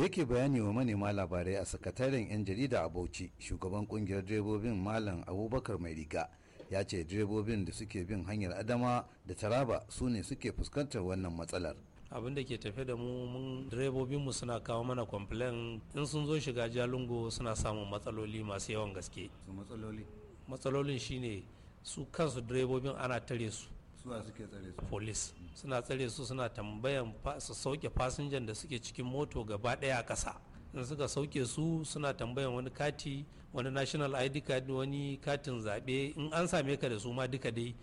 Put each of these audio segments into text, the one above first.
da yake bayani wa manema labarai a sakataren 'yan jarida a bauchi shugaban kungiyar direbobin malam abubakar mai riga ya ce direbobin da suke bin hanyar adama da taraba su ne suke fuskantar wannan matsalar abin da ke tafe da mu mun direbobin mu suna kawo mana complain in sun zo shiga jalungo suna samun matsaloli masu yawan gaske matsaloli matsalolin shine su kansu direbobin ana tare su suwa suke tsare police suna tsare su suna tambayan su sauke fasinjan da suke cikin moto gaba ɗaya a ƙasa in suka sauke su suna tambayan wani kati wani national id card wani katin zaɓe in an same ka da su ma duka dai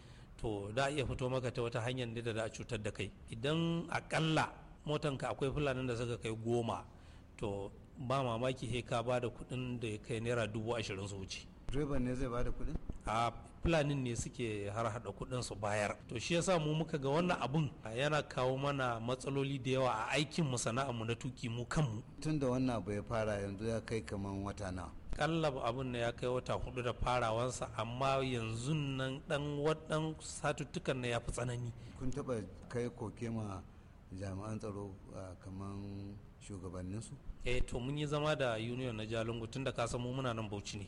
to da iya fito maka ta wata hanyar da da a cutar da kai idan akalla motanka akwai fulanin da suka kai goma to ba mamaki he ka ba da kuɗin da ya kai naira dubu ashirin su wuce direban ne zai bada kuɗin a fulanin ne suke har hada kudin su bayar to shi yasa mu muka ga wannan abun yana kawo mana matsaloli da yawa a aikin mu sana'armu na tuki mu kanmu tun wannan abu ya fara yanzu ya kai kaman wata nawa kallab abun ne ya kai wata hudu da farawansa amma yanzu nan dan wadan satuttukan ne ya fi tsanani kun taba kai koke ma jami'an tsaro kaman shugabanninsu eh to mun yi zama da union na jalungu tunda da ka mu muna nan bauchi ne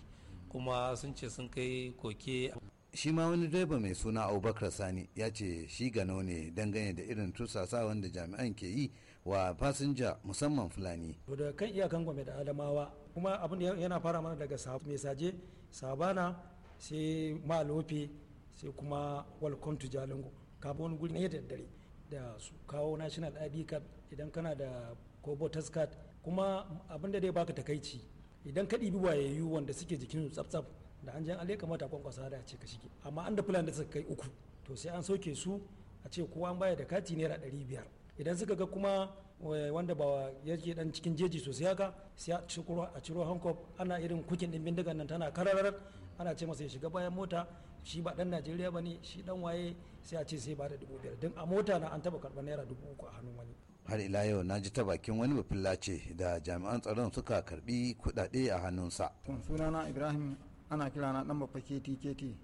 kuma sun ce sun kai koke shi ma wani direba mai suna abubakar sani ya ce shi gano ne dangane da irin tursasa wanda jami'an ke yi wa fasinja musamman fulani da kan iyakan gwamnati da adamawa kuma abin da yana fara mana daga mai saje sabana sai malofi sai kuma welcome to jalingo kafin wani guri ne da daddare da su kawo national id card idan kana da kobo card kuma abin da dai baka takaici idan ka ɗibi wayayyu wanda suke jikin su tsaftsaf da an jan ale kamata kwankwasa da ce ka shige amma an da fulani da suka kai uku to sai an soke su a ce kowa an baya da kati naira ɗari biyar idan suka ga kuma eh, wanda ba yake dan cikin jeji sosai haka sai a ciro hankof ana irin kukin din bindigan nan tana kararar ana ce masa ya shiga bayan mota shi ba dan najeriya ba ne shi dan waye sai a ce sai ba da dubu biyar don a mota na an taba karɓar naira dubu uku a hannun wani har ila yau na ji ta bakin wani ce da jami'an tsaron suka karbi kudade a hannunsa sunana ibrahim ana kira na dan bafa keti keti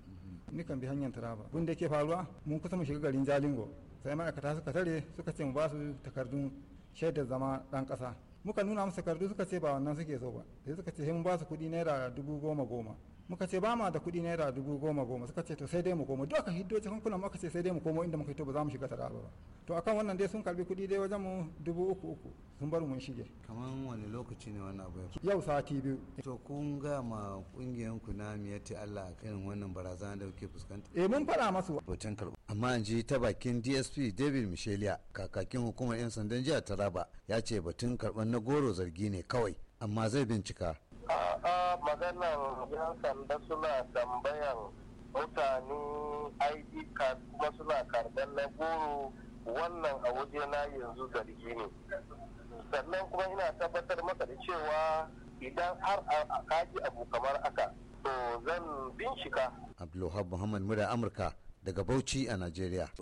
kan bi hanyar taraba abin da ke faruwa mun kusa mu shiga garin jalingo sai ma'aikata suka tare suka ce mu ba su takardun shaidar zama dan kasa muka nuna musu takardu suka ce ba wannan suke so ba sai suka ce mun ba su kuɗi naira dubu goma goma muka ce ba ma da kuɗi naira dubu goma goma suka ce to sai dai mu koma duk aka hiddo cikin muka ce sai dai mu koma inda muka yi to ba za mu shiga taraba ba to akan wannan dai sun karbi kuɗi dai wajen mu dubu uku uku sun bar mun shige kamar wani lokaci ne wannan abu yau sati biyu to kun ga ma kungiyan ku na ta Allah irin wannan barazana da kuke fuskanta eh mun fara masu hoton karbi amma an ji ta bakin DSP David Michelia kakakin hukumar yan sandan jihar Taraba ya ce batun karban na goro zargi ne kawai amma zai bincika a'a maganan yan sanda suna tambayan mutane id card kuma suna karɓar na goro wannan a waje na yanzu zargi ne sannan kuma ina tabbatar maka da cewa idan har a kaji abu kamar aka to zan bincika abdulhab muhammad mura amurka daga bauchi a nigeria.